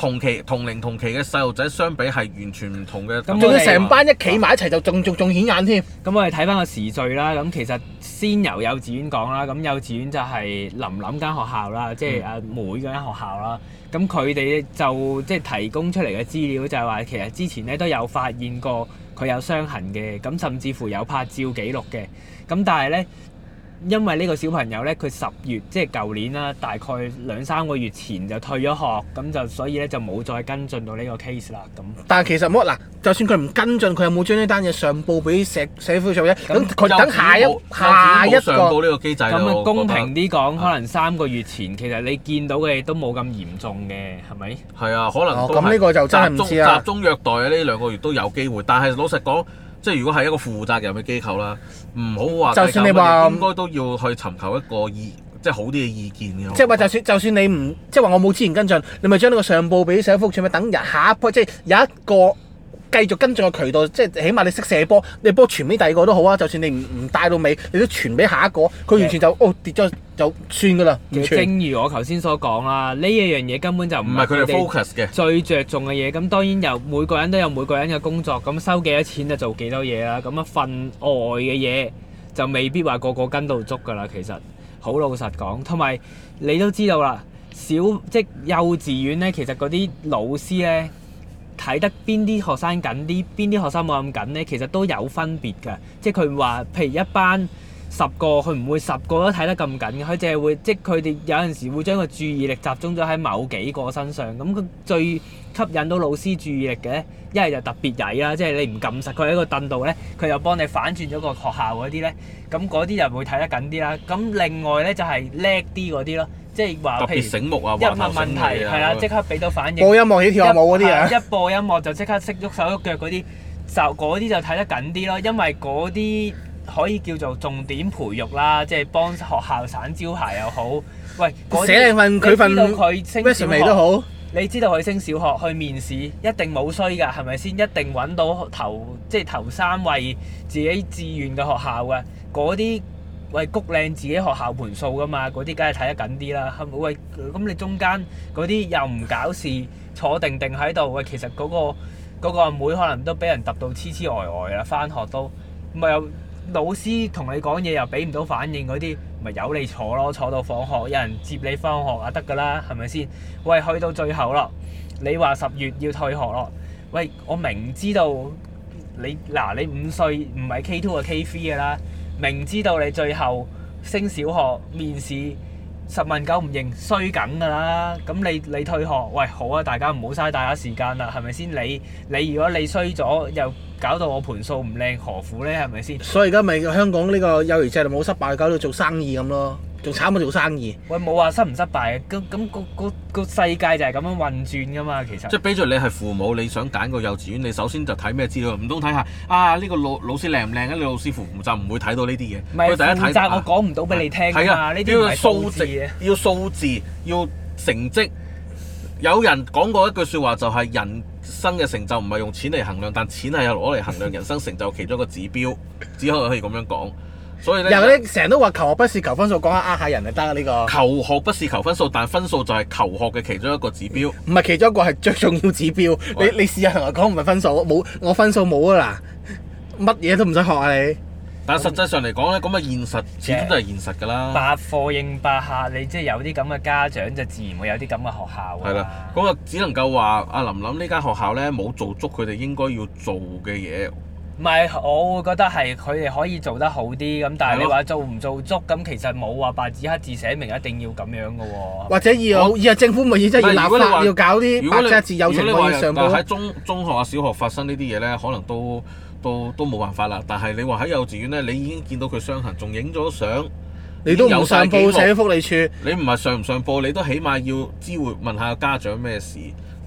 同期同齡同期嘅細路仔相比係完全唔同嘅，仲要成班一企埋一齊、嗯、就仲仲仲顯眼添。咁我哋睇翻個時序啦，咁其實先由幼稚園講啦，咁幼稚園就係林林間學校啦，即係阿妹嗰間學校啦。咁佢哋就即係提供出嚟嘅資料就係話，其實之前咧都有發現過佢有傷痕嘅，咁甚至乎有拍照記錄嘅。咁但係咧。因為呢個小朋友呢，佢十月即係舊年啦，大概兩三個月前就退咗學，咁就所以呢，就冇再跟進到呢個 case 啦。咁但係其實乜嗱，就算佢唔跟進，佢有冇將呢單嘢上報俾社社會署咧？咁佢那等下一下一一個上報呢個機制咯。公平啲講，啊、可能三個月前其實你見到嘅都冇咁嚴重嘅，係咪？係啊，可能咁呢、哦、個就真係唔知啦。集中虐待呢兩個月都有機會，但係老實講。即係如果係一個負責任嘅機構啦，唔好話就算你話應該都要去尋求一個意即係好啲嘅意見嘅。即係話就算就算你唔即係話我冇資源跟進，你咪將呢個上報俾社福署，仲咪等日下一波即係有一個。繼續跟進個渠道，即係起碼你識射波，你波傳俾第二個都好啊。就算你唔唔帶到尾，你都傳俾下一個，佢完全就 Yeah. 哦跌咗就算噶啦。正如我頭先所講啦，呢一樣嘢根本就唔係佢哋最着重嘅嘢。咁、嗯、當然由每個人都有每個人嘅工作，咁收幾多錢就做幾多嘢啦。咁啊，份外嘅嘢就未必話個個跟到足噶啦。其實好老實講，同埋你都知道啦，小即幼稚園咧，其實嗰啲老師咧。睇得邊啲學生緊啲，邊啲學生冇咁緊咧？其實都有分別嘅，即係佢話，譬如一班十個，佢唔會十個都睇得咁緊嘅，佢淨係會，即係佢哋有陣時會將個注意力集中咗喺某幾個身上。咁佢最吸引到老師注意力嘅咧，一係就特別曳啦，即係你唔撳實佢喺個凳度咧，佢又幫你反轉咗個學校嗰啲咧。咁嗰啲就會睇得緊啲啦。咁另外咧就係叻啲嗰啲咯。即係話，譬如醒目啊，音樂、啊、問題係啦，即、啊、刻俾到反應。播音樂起跳舞嗰啲一啊！一播音樂就即刻識喐手喐腳嗰啲，就嗰啲就睇得緊啲咯。因為嗰啲可以叫做重點培育啦，即係幫學校省招牌又好。喂，寫靚份，佢知道佢升都好，你知道佢分升小學，升小學去面試一定冇衰㗎，係咪先？一定揾到頭，即係頭三位自己志願嘅學校㗎。嗰啲。喂，谷靚自己學校盤數噶嘛？嗰啲梗係睇得緊啲啦，係咪？喂，咁你中間嗰啲又唔搞事，坐定定喺度，喂，其實嗰個嗰個阿妹可能都俾人揼到痴痴呆呆啦，翻學都咪又老師同你講嘢又俾唔到反應嗰啲，咪由你坐咯，坐到放學，有人接你放學啊得噶啦，係咪先？喂，去到最後咯，你話十月要退學咯？喂，我明知道你嗱、啊，你五歲唔係 K two 係 K three 噶啦。明知道你最後升小學面試十問九唔應衰緊㗎啦，咁你你退學，喂，好啊，大家唔好嘥大家時間啦，係咪先？你你如果你衰咗又搞到我盤數唔靚，何苦呢？係咪先？所以而家咪香港呢個幼兒制度冇失敗，搞到做生意咁咯。做產品做生意。喂，冇話失唔失敗嘅、啊，咁咁嗰嗰世界就係咁樣運轉噶嘛，其實。即係比作你係父母，你想揀個幼稚園，你首先就睇咩資料？唔通睇下啊？呢、這個老老師靚唔靚？你老師傅就唔會睇到呢啲嘢。唔係，評價我講唔到俾你聽。係啊，呢啲唔係數字。要數字，要成績。有人講過一句說話，就係人生嘅成就唔係用錢嚟衡量，但錢係攞嚟衡量人生成就其中一個指標， 只可以咁樣講。所以咧，成日都話求學不是求分數，講下呃下人就得啦。呢個求學不是求分數，但係分數就係求學嘅其中一個指標。唔係其中一個係最重要指標。喂你你試下同我講唔係分數，冇我分數冇啊嗱，乜嘢都唔使學啊你。但實際上嚟講咧，咁啊現實，始終都係現實㗎啦。百貨應百客，你即係有啲咁嘅家長，就自然會有啲咁嘅學校、啊。係啦，咁啊只能夠話阿琳琳呢間學校咧，冇做足佢哋應該要做嘅嘢。唔係，我會覺得係佢哋可以做得好啲咁，但係你話做唔做足咁，其實冇話白紙黑字寫明一定要咁樣嘅喎。或者要，依家我政府咪要真係立法如果要搞啲白紙黑字有程序上報？喺中中學啊、小學發生呢啲嘢咧，可能都都都冇辦法啦。但係你話喺幼稚園咧，你已經見到佢傷痕，仲影咗相，你都唔上報社福利處。你唔係上唔上報，你都起碼要知會問下家長咩事。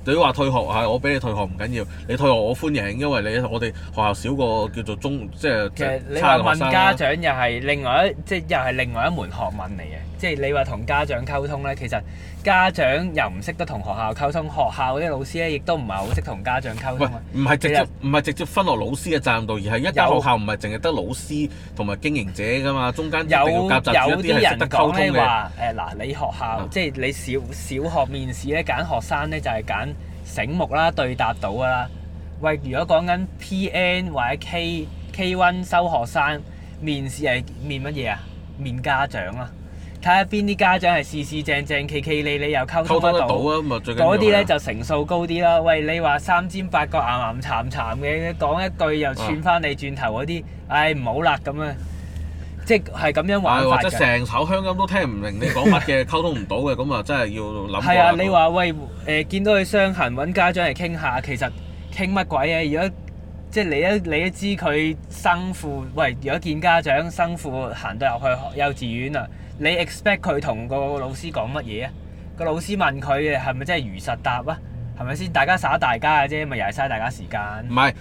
你話退學啊？我俾你退學唔緊要，你退學我歡迎，因為你我哋學校少個叫做中，即其實你話問，問家長又係另外一，即係又係另外一門學問嚟嘅。即係你話同家長溝通咧，其實～家長又唔識得同學校溝通，學校啲老師咧亦都唔係好識同家長溝通。唔係直接唔係說直接分落老師嘅責任度，而係一間學校唔係淨係得老師同埋經營者噶嘛，中間有啲人得溝通嘅。誒嗱、哎，你學校、嗯、即係你小小學面試咧，揀學生咧就係揀醒目啦，對答到噶啦。喂，如果講緊 PN 或者 K K One 收學生面試係面乜嘢啊？面家長啊？睇下邊啲家長係事事正正，企企理理又溝通得到嗰啲咧，呢就成數高啲咯。喂，你話三尖八角，巖巖慘慘嘅，講一句又串翻你轉頭嗰啲，唉唔好啦咁啊，即係係咁樣玩法成、哎、口鄉音咁都聽唔明你講乜嘅，溝通唔到嘅，咁啊 真係要諗。係啊，你話喂誒、呃，見到佢傷痕揾家長嚟傾下，其實傾乜鬼啊？如果即係你一你一知佢生父，喂，如果見家長生父行到入去幼稚園啊？你 expect 佢同個老師講乜嘢啊？個老師問佢嘅係咪真係如實答啊？係咪先？大家耍大家嘅啫，咪又係嘥大家時間。唔係，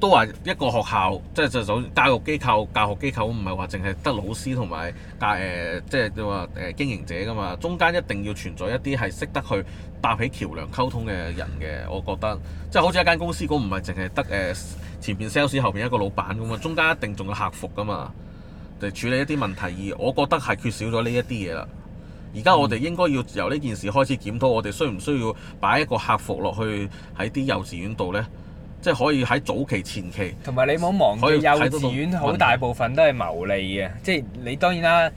都話一個學校即係就總教育機構、教學機構唔係話淨係得老師同埋教誒，即係你話誒經營者噶嘛？中間一定要存在一啲係識得去搭起橋梁溝通嘅人嘅，我覺得即係好似一間公司咁，唔係淨係得誒前邊 sales 後邊一個老闆咁嘛，中間一定仲有客服噶嘛。就處理一啲問題，而我覺得係缺少咗呢一啲嘢啦。而家我哋應該要由呢件事開始檢討，我哋需唔需要擺一個客服落去喺啲幼稚園度呢？即係可以喺早期、前期。同埋你唔好忘記幼稚園好大部分都係牟利嘅，嗯、即係你當然啦。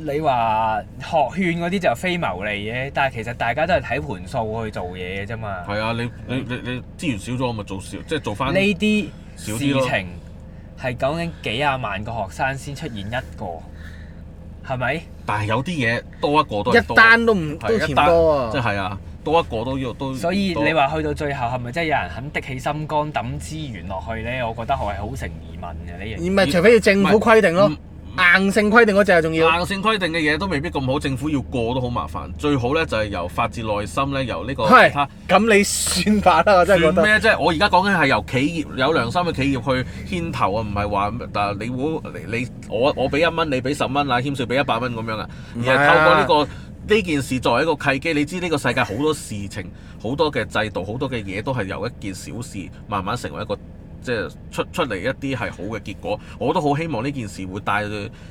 你話學券嗰啲就非牟利嘅，但係其實大家都係睇盤數去做嘢嘅啫嘛。係啊、嗯，你你你資源少咗，我咪做少，即係做翻呢啲少啲係究竟幾廿萬個學生先出現一個，係咪？但係有啲嘢多一個都一單都唔都填多即係啊，多一個都要都。都所以你話去到最後係咪真係有人肯的起心肝抌資源落去咧？我覺得我係好成疑問嘅呢樣嘢。唔係除非要政府規定咯。硬性規定嗰啲啊，仲要硬性規定嘅嘢都未必咁好，政府要過都好麻煩。最好咧就係、是、由發自內心咧，由呢、這個。係是。咁它你算法啦，我真係覺得算。算咩啫？我而家講緊係由企業有良心嘅企業去牽頭啊，唔係話啊你我你我我俾一蚊，你俾十蚊啊，簽稅俾一百蚊咁樣啊。唔係。而係透過呢、這個呢件、這個、事作為一個契機，你知呢個世界好多事情、好多嘅制度、好多嘅嘢都係由一件小事慢慢成為一個。即係出出嚟一啲係好嘅結果，我都好希望呢件事會帶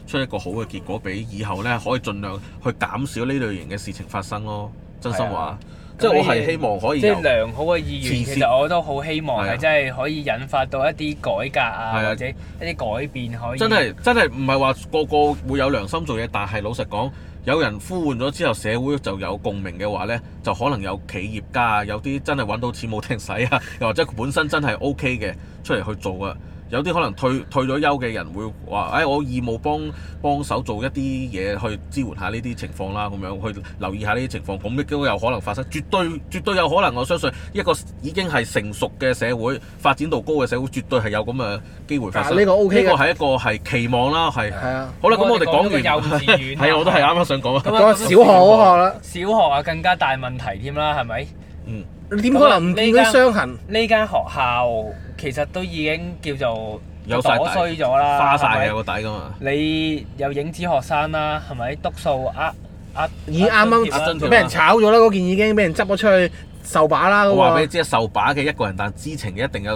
出一個好嘅結果，俾以後呢可以盡量去減少呢類型嘅事情發生咯。真心話，啊、即係我係希望可以。即係、就是、良好嘅意願，世其實我都好希望係真係可以引發到一啲改革啊，啊或者一啲改變可以。啊、真係真係唔係話個個會有良心做嘢，但係老實講。有人呼喚咗之後，社會就有共鳴嘅話，呢就可能有企業家，有啲真係揾到錢冇聽使啊，又或者佢本身真係 OK 嘅，出嚟去做啊。有啲可能退退咗休嘅人會話，誒、哎，我義務幫幫手做一啲嘢去支援下呢啲情況啦，咁樣去留意下呢啲情況，咁亦都有可能發生，絕對絕對有可能。我相信一個已經係成熟嘅社會，發展到高嘅社會，絕對係有咁嘅機會發生。呢個 OK 呢個係一個係期望啦，係。係啊。好啦，咁我哋講完。幼稚園。係啊， 我都係啱啱想講啊。講下小學啦學。小學啊，更加大問題添啦，係咪？嗯。你點可能唔見到傷痕？呢間，間學校其實都已經叫做有晒衰咗啦，花晒有個底噶嘛？你有影子學生啦、啊，係咪？督數呃呃，已啱啱俾人炒咗啦，嗰件已經俾人執咗出去受把啦。我話俾你知，受把嘅、嗰個、一個人，但知情嘅一定有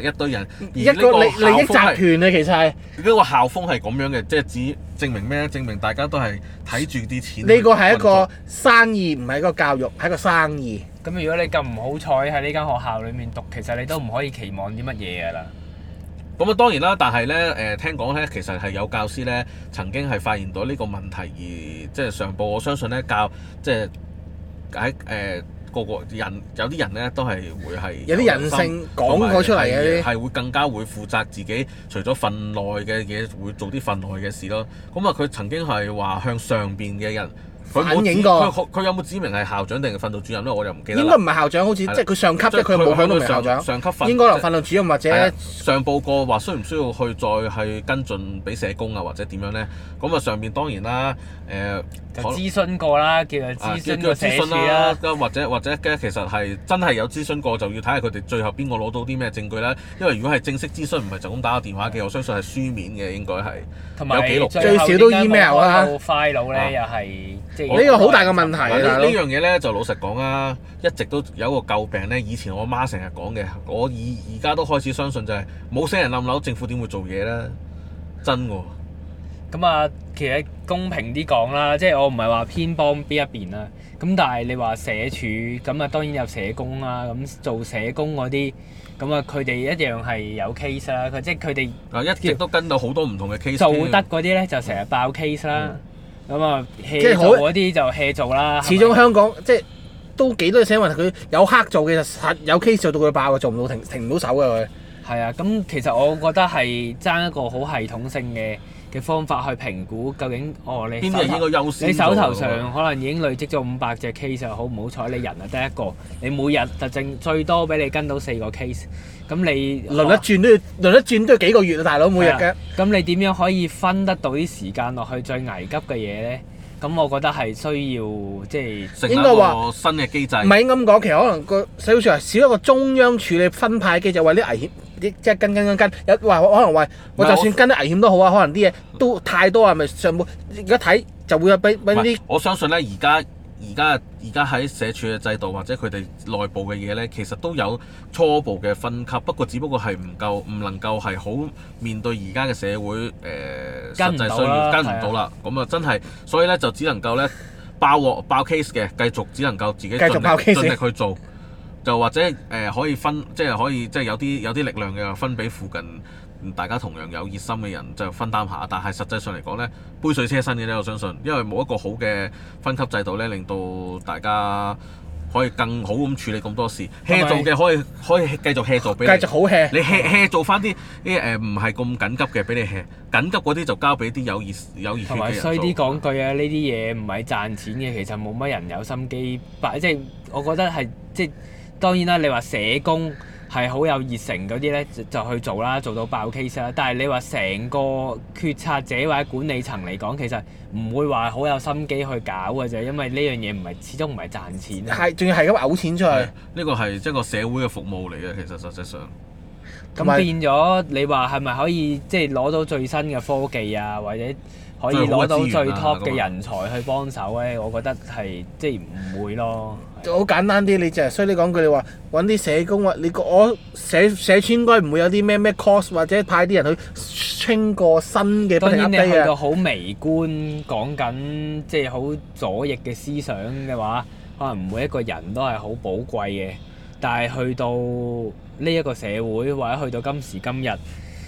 一堆人。一唉個利利益集團啊，其實係呢個校風係咁樣嘅，即係指證明咩？證明，證明，證明大家都係睇住啲錢。呢個係一個生意，唔係一個教育，係一個生意。咁如果你咁唔好彩喺呢間學校裏面讀，其實你都唔可以期望啲乜嘢㗎啦。咁啊，當然啦，但係咧，誒、呃、聽講咧，其實係有教師咧曾經係發現到呢個問題而即係上報。我相信咧，教即係喺誒個個人有啲人咧都係會係有啲人性講過出嚟嘅，係會更加會負責自己。除咗份內嘅嘢，會做啲份內嘅事咯。咁啊，佢曾經係話向上邊嘅人。佢冇影過佢，佢有冇指明係校長定係訓導主任咧？我又唔記得。應該唔係校，的校長，好似即係佢上級，即係佢冇響度名校長。上級訓應該能訓導主任或者是的上報過話，需唔需要去再係跟進俾社工啊，或者點樣咧？咁啊，上邊當然啦，誒、呃。就諮詢過啦，叫做諮詢個寫字啦、啊啊，或者或者其實係真係有諮詢過，就要睇下佢哋最後邊個攞到啲咩證據啦。因為如果係正式諮詢，唔係就咁打個電話嘅，我相信係書面嘅，應該係有記錄，最少都 email 啦。啊啊、又係。呢、就是、個好大嘅問題實、這個、呢樣嘢咧就老實講啦。一直都有一個詬病咧。以前我媽成日講嘅，我而而家都開始相信就係、是、冇死人冧樓，政府點會做嘢咧？真喎！咁啊、嗯，其實公平啲講啦，即係我唔係話偏幫邊一邊啦。咁但係你話社署，咁啊當然有社工啦。咁做社工嗰啲，咁啊佢哋一樣係有 case 啦。佢即係佢哋啊，一直都跟到好多唔同嘅 case。做得嗰啲咧，嗯嗯嗯、就成日爆 case 啦。咁啊，即做嗰啲就 hea 做啦。始終香港是是即係都幾多社會問題，佢有黑做嘅，實有 case 做到佢爆到到啊，做唔到停停唔到手啊佢。係啊，咁其實我覺得係爭一個好系統性嘅。嘅方法去評估究竟哦，你邊個應該優先？你手頭上可能已經累積咗五百隻 case，好唔好彩？你人啊得一個，你每日得剩最多俾你跟到四個 case，咁你輪一轉都要輪一轉都要幾個月啊，大佬每日嘅。咁你點樣可以分得到啲時間落去最危急嘅嘢咧？咁我覺得係需要即係成一個新嘅機制。唔係應該咁講，其實可能個社會上少一個中央處理分派嘅，就為啲危險。即係跟跟跟跟，有話可能喂，我就算跟得危險都好啊，是可能啲嘢都太多啊，咪上冇而家睇就會有俾俾啲。我相信咧，而家而家而家喺社署嘅制度或者佢哋內部嘅嘢咧，其實都有初步嘅分級，不過只不過係唔夠唔能夠係好面對而家嘅社會誒，實際需要跟唔到啦。咁啊的，真係，所以咧，就只能夠咧爆鑊爆 case 嘅，繼續只能夠自己盡力盡力去做。就或者誒、呃、可以分，即係可以即係有啲有啲力量嘅分俾附近大家同樣有熱心嘅人，就分擔下。但係實際上嚟講咧，杯水車薪嘅咧，我相信，因為冇一個好嘅分級制度咧，令到大家可以更好咁處理咁多事。hea 是做嘅可以可以，可以繼續 hea 做俾你，繼續好 hea 你 hea hea 做翻啲啲唔係咁緊急嘅俾你 hea，緊急嗰啲就交俾啲有熱有熱血嘅。衰啲講句啊，呢啲嘢唔係賺錢嘅，其實冇乜人有心機擺。即係我覺得係即係。當然啦，你話社工係好有熱誠嗰啲咧，就去做啦，做到爆 case 啦。但係你話成個決策者或者管理層嚟講，其實唔會話好有心機去搞嘅啫，因為呢樣嘢唔係始終唔係賺錢。係，仲要係咁嘔錢出去。呢個係即係個社會嘅服務嚟嘅，其實實際上。咁變咗，是你話係咪可以即係攞到最新嘅科技啊，或者可以攞到最 top 嘅人才去幫手咧？麼我覺得係即係唔會咯。好簡單啲，你就所以你講句，你話揾啲社工，或你我社社村應該唔會有啲咩咩 cost，或者派啲人去清個新嘅不東西啊。當你去到好微觀講緊，即係好左翼嘅思想嘅話，可能每一個人都係好寶貴嘅。但係去到呢一個社會，或者去到今時今日。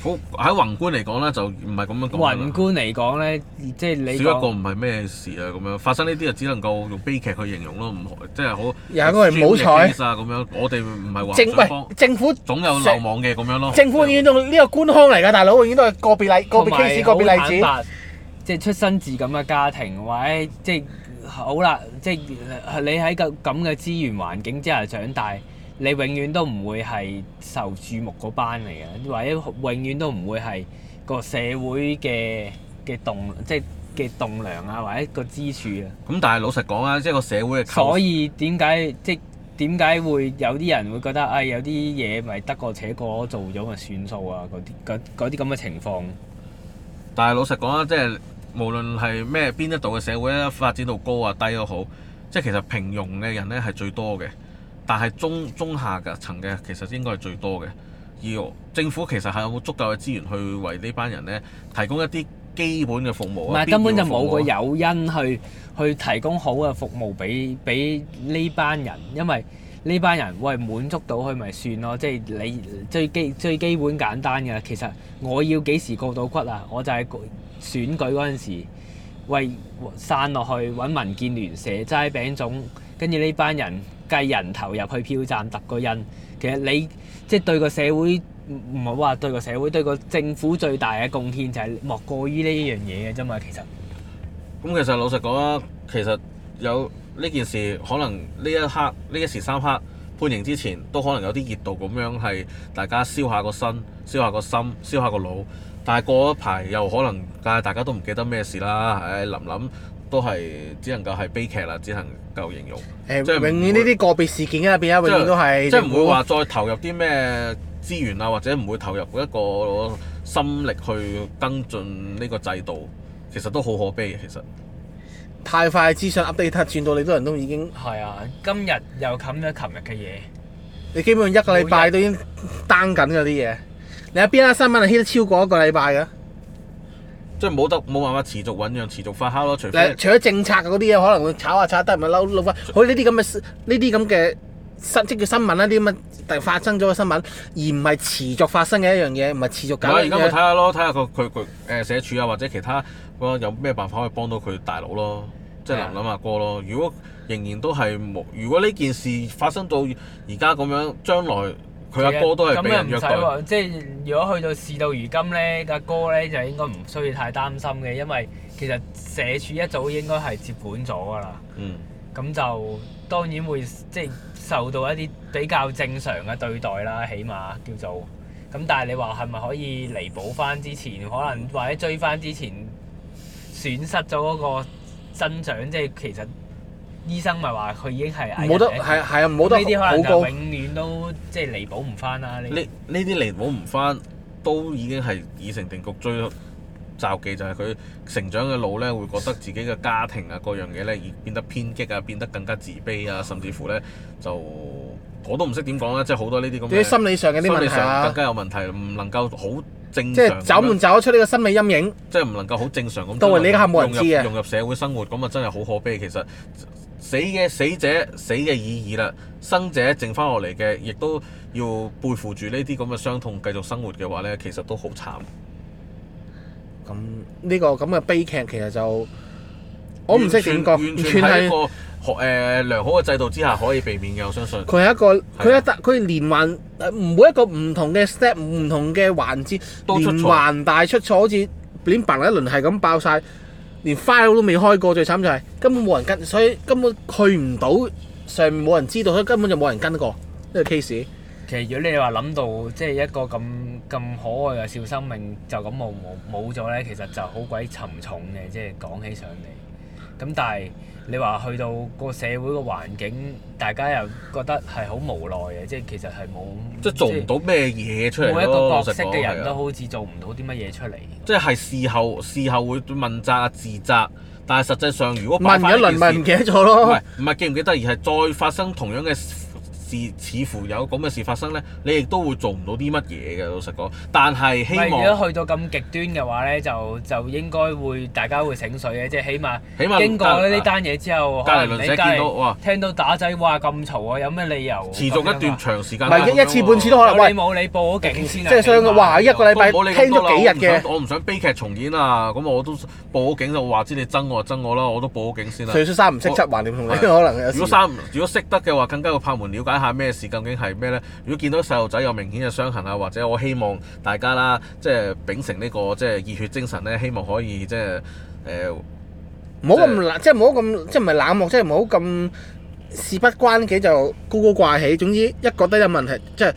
好喺宏觀嚟講咧，就唔係咁樣宏觀嚟講咧，即係你少一個唔係咩事啊！咁樣發生呢啲就只能夠用悲劇去形容咯。唔即係好，又係一個唔好專門 彩。咁樣，我哋唔係話政喂，政府總有漏網嘅，咁樣咯。政府永遠都呢個官腔嚟噶，大佬永遠都係個別例、個別 case、個別例子。即係出生自咁嘅家庭，或者即係好啦，即係你喺咁咁嘅資源環境之下長大。你永遠都唔會係受注目嗰班嚟嘅，或者永遠都唔會係個社會嘅嘅棟，即係嘅棟梁啊，或者個支柱啊。咁但係老實講啊，即係個社會嘅。所以點解即係點解會有啲人會覺得，唉、哎，有啲嘢咪得過且過做咗咪算數啊？嗰啲啲咁嘅情況。但係老實講啊，即係無論係咩邊一度嘅社會咧，發展到高啊低都好，即係其實平庸嘅人咧係最多嘅。但係中中下嘅層嘅其實應該係最多嘅，而政府其實係有冇足夠嘅資源去為呢班人咧提供一啲基本嘅服務啊？唔係是根本就冇個誘因去去提供好嘅服務俾俾呢班人，因為呢班人喂滿足到佢咪算咯，即係你最基最基本簡單嘅。其實我要幾時過到骨啊？我就係選舉嗰陣時喂散落去搵民建聯蛇、蛇齋餅糭，跟住呢班人。計人頭入去票站揼個印，其實你即係對個社會唔係話對個社會對個政府最大嘅貢獻就係莫過於呢一樣嘢嘅啫嘛。其實咁其實老實講啦，其實有呢件事可能呢一刻呢一時三刻判刑之前都可能有啲熱度咁樣係大家燒下個身、燒下個心、燒下個腦，但係過一排又可能但係大家都唔記得咩事啦。係，諗諗。都係只能夠係悲劇啦，只能夠形容。誒、呃，即永遠呢啲個別事件啊，變咗永遠都係。即係唔會話再投入啲咩資源啊，或者唔會投入一個心力去跟進呢個制度，其實都好可悲。其實太快資訊 update，轉到你都人都已經。係啊，今日又冚咗琴日嘅嘢。你基本上一個禮拜都已經 down 緊嗰啲嘢。你有邊一新聞係 hit 超過一個禮拜嘅？即係冇得冇辦法持續醞釀、持續發酵咯，除非除咗政策嗰啲嘢，可能會炒下炒下得，咪撈撈翻。好似呢啲咁嘅呢啲咁嘅新即叫新聞啦，啲咁嘅突然發生咗嘅新聞，而唔係持續發生嘅一樣嘢，唔係持續搞。而家我睇下咯，睇下個佢佢誒社署啊或者其他有咩辦法可以幫到佢大佬咯，即係諗諗下過咯。如果仍然都係冇，如果呢件事發生到而家咁樣，將來。係嘅，咁又唔使喎。即係如果去到事到如今咧，阿哥咧就應該唔需要太擔心嘅，因為其實社署一早應該係接管咗㗎啦。嗯。咁就當然會即係受到一啲比較正常嘅對待啦，起碼叫做。咁但係你話係咪可以彌補翻之前，可能或者追翻之前損失咗嗰個增長，即係其實？醫生咪話佢已經係冇得係係啊，冇得呢啲可能永遠都即係、就是、彌補唔翻啦。呢呢啲彌補唔翻都已經係已成定局忌忌。追詛咒嘅就係、是、佢成長嘅路咧，會覺得自己嘅家庭啊，各樣嘢咧而變得偏激啊，變得更加自卑啊，甚至乎咧就我都唔識點講啦。即係好多呢啲咁嘅心理上嘅問題啊，更加有問題，唔、啊、能夠好正常，走唔走得出呢個心理陰影，即係唔能夠好正常咁。到時你家冇人知融入，入社會生活咁啊，真係好可悲其實。死嘅死者死嘅意義啦，生者剩翻落嚟嘅，亦都要背負住呢啲咁嘅傷痛繼續生活嘅話咧，其實都好慘。咁呢、這個咁嘅悲劇其實就我唔識點講，完全係個誒良好嘅制度之下可以避免嘅，我相信。佢係一個佢一佢連環，每一個唔同嘅 step 同、唔同嘅環節，連環大出錯，好似連崩一輪係咁爆晒。連 file 都未開過，最慘就係根本冇人跟，所以根本去唔到上面，冇人知道，所以根本就冇人跟過呢個 case。其實如果你話諗到即係一個咁咁可愛嘅小生命就咁冇冇冇咗咧，其實就好鬼沉重嘅，即係講起上嚟。咁但係你話去到個社會個環境，大家又覺得係好無奈嘅，即係其實係冇即係做唔到咩嘢出嚟咯。每一個角色嘅人都好似做唔到啲乜嘢出嚟。即係事後事後會問責啊、自責，但係實際上如果問完一輪，問唔記得咗咯。唔係唔係記唔記得，而係再發生同樣嘅。似乎有咁嘅事發生咧，你亦都會做唔到啲乜嘢嘅，老實講。但係希望，如果去到咁極端嘅話咧，就就應該會大家會醒水嘅，即係起碼起碼經過呢呢單嘢之後，隔離鄰舍見到哇，聽到打仔哇咁嘈啊，有咩理由持續一段長時間？唔係一次半次都可能。喂，冇你報咗警先！即係上一個禮拜聽咗幾日嘅，我唔想悲劇重演啊！咁我都報咗警就我話知你憎我就憎我啦，我都報咗警先啦。就算三唔識七，還掂仲？如果三如果識得嘅話，更加要拍門了解。下咩事？究竟係咩咧？如果見到細路仔有明顯嘅傷痕啊，或者我希望大家啦，即係秉承呢個即係熱血精神咧，希望可以即係誒，唔好咁冷，即係唔好咁即係唔係冷漠，即係唔好咁事不關己就高高掛起。總之，一覺得有問題，即係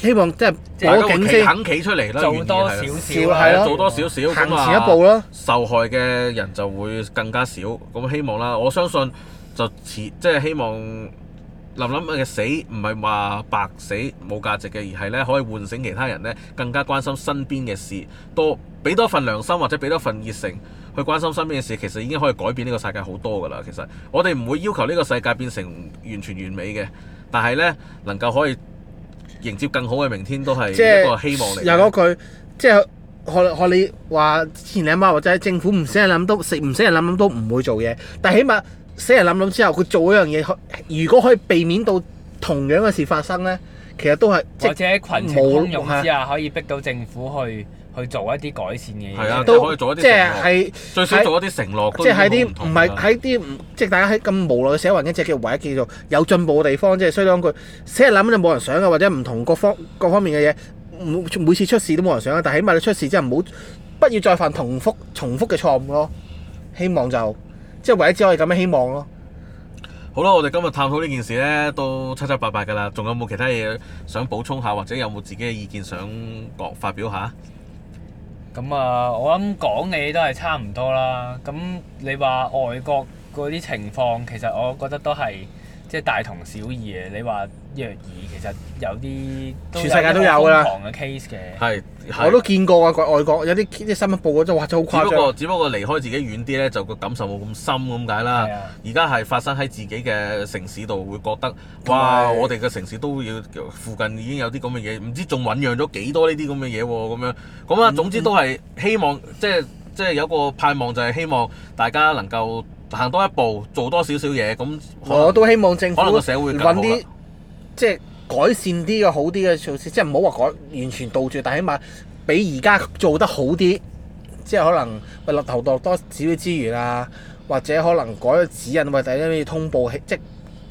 希望即係我警肯企出嚟啦吧，做多少少，係咯，做多少少咁啊，行前一步咯，受害嘅人就會更加少。咁希望啦，我相信就似即係希望。林林嘅死唔係話白死冇價值嘅，而係咧可以喚醒其他人咧更加關心身邊嘅事，多俾多份良心或者俾多份熱誠去關心身邊嘅事，其實已經可以改變呢個世界好多噶啦。其實我哋唔會要求呢個世界變成完全完美嘅，但係咧能夠可以迎接更好嘅明天都係一個希望嚟。又嗰句，即係學學你話，前兩晚或者政府唔使人諗都食，唔使人諗諗都唔會做嘢，但起碼。死人諗諗之後，佢做一樣嘢，如果可以避免到同樣嘅事發生咧，其實都係或者羣眾之下無、啊、可以逼到政府去去做一啲改善嘅嘢，都即係是係是最少做一啲承諾是，即係喺啲唔係喺啲即係大家喺咁無奈嘅社會，一隻叫唯一叫做有進步嘅地方，即係所以講句死人諗就冇人想啊，或者唔同各方各方面嘅嘢，每次出事都冇人想啊，但起碼你出事之後唔好不要再犯重複重複嘅錯誤咯，希望就～即係為咗只可以咁樣希望咯。好啦，我哋今日探討呢件事咧，都七七八八噶啦。仲有冇其他嘢想補充下，或者有冇自己嘅意見想講發表下？咁啊、嗯嗯，我諗講嘅嘢都係差唔多啦。咁你話外國嗰啲情況，其實我覺得都係即係大同小異嘅。你話樣嘢，其實有啲，有全世界都有噶啦，嘅 case 嘅。係，我都見過啊，外國有啲啲新聞報過，真係哇，好誇張。只不過，只不過離開自己遠啲咧，就個感受冇咁深咁解啦。而家係發生喺自己嘅城市度，會覺得哇，的我哋嘅城市都要附近已經有啲咁嘅嘢，唔知仲醖釀咗幾多呢啲咁嘅嘢喎？咁樣咁啊，總之都係希望，嗯嗯、即係即係有個盼望，就係希望大家能夠行多一步，做多少少嘢。咁我都希望政府可能個社會揾啲。即係改善啲嘅好啲嘅措施，即係唔好話改完全倒轉，但起碼比而家做得好啲。即係可能落頭落多少少資源啊，或者可能改咗指引，或第一為要通報，即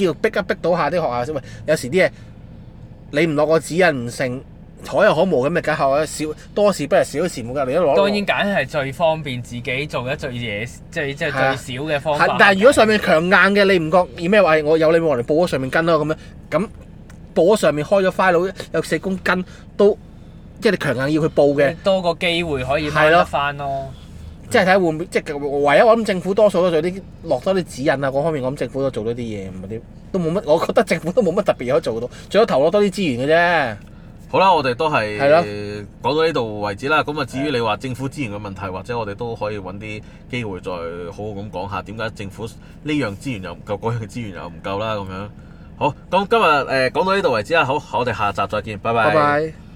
叫逼一逼到下啲學校先。喂，有時啲嘢你唔落個指引唔成，可有可無咁咪梗係少多事不如少事，冇好嚟，咗攞。當然，梗係最方便自己做一最嘢，即係即係最少嘅方法，啊。但係如果上面強硬嘅，你唔覺以咩話？我有你冇人嚟報咗上面跟咯，咁樣咁。簿上面開咗 file 有四公斤，都即係你強硬要去報嘅，多個機會可以開得翻咯吧。即係睇下會唔會，即係唯一我諗政府多數都做啲落多啲指引啊，嗰方面我諗政府都做多啲嘢咁啊啲，都冇乜，我覺得政府都冇乜特別可以做到，最多投落多啲資源嘅啫。好啦，我哋都係講到呢度為止啦。咁啊吧，至於你話政府資源嘅問題，或者我哋都可以揾啲機會再好好咁講下點解政府呢樣資源又唔夠，嗰樣資源又唔夠啦咁樣。好，咁今日誒講到呢度為止啦。好，我哋下集再見，拜拜。拜拜。